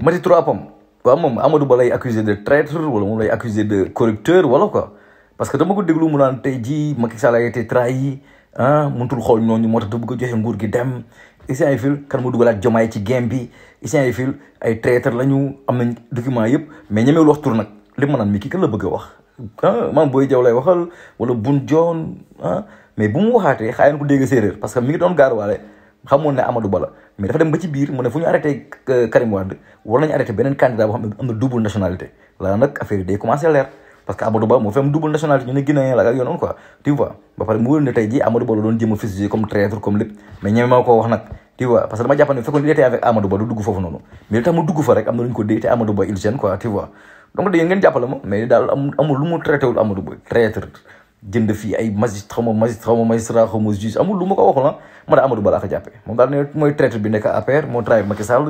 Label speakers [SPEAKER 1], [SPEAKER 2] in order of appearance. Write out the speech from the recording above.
[SPEAKER 1] Mati trois pommes waaw moom Amadou Ba lay accusé de traître wala moom lay accusé de corrupteur wala quoi parce que dama ko déglu mu naan tey jii Macky a été trahi ah xool ñooñu moo bëgg joxe nguur gi dem isien yi fil kan ma dugalaat jomaay ci bi isien yi fil ay traître lañu am nañ document yëpp mais ñemewul wax tur nag li ma naan mi kii kan la bëgg a wax ah maam Boy Diaw lay waxal wala Bun Joon ah mais bu mu waxaatee xaayan ko dégg séeréer parce que mi ngi doon gaar waale xamoon ne Amadou Ba la mais dafa dem ba ci biir mu ne fu ñu arrêté euh, Karim Wade war nañu arrêté beneen candidat boo xam ne am na double nationalité moo fi a fusillé comme traître comme lépp mais fa rek am na lu ñu jënd fii ay magistrat xaw ma magistrat xaw ma magistrat xaw ma juge amul lu ma a waxul ah ma a Amadou Ba laa a jàppee moom daal ne mooy traître bi nekk APR moo trahir Macky Sall